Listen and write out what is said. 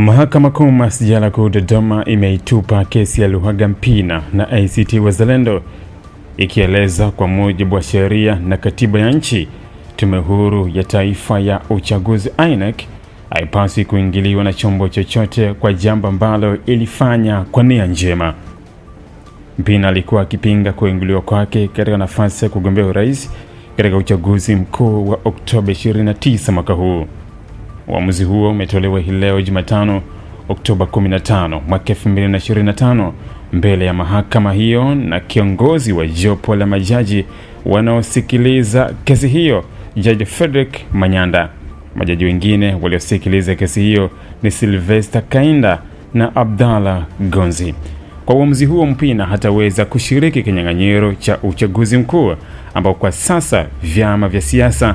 Mahakama Kuu Masjala Kuu Dodoma imeitupa kesi ya Luhaga Mpina na ACT Wazalendo ikieleza kwa mujibu wa sheria na katiba ya nchi, Tume Huru ya Taifa ya Uchaguzi INEC haipaswi kuingiliwa na chombo chochote kwa jambo ambalo ilifanya kwa nia njema. Mpina alikuwa akipinga kuingiliwa kwake katika nafasi ya kugombea urais katika uchaguzi mkuu wa Oktoba 29 mwaka huu. Uamuzi huo umetolewa hii leo Jumatano, Oktoba 15 mwaka 2025 mbele ya mahakama hiyo na kiongozi wa jopo la majaji wanaosikiliza kesi hiyo, Jaji Frederick Manyanda. Majaji wengine waliosikiliza kesi hiyo ni Sylvester Kainda na Abdalla Gonzi. Kwa uamuzi huo, Mpina hataweza kushiriki kinyang'anyiro cha uchaguzi mkuu ambao kwa sasa vyama vya siasa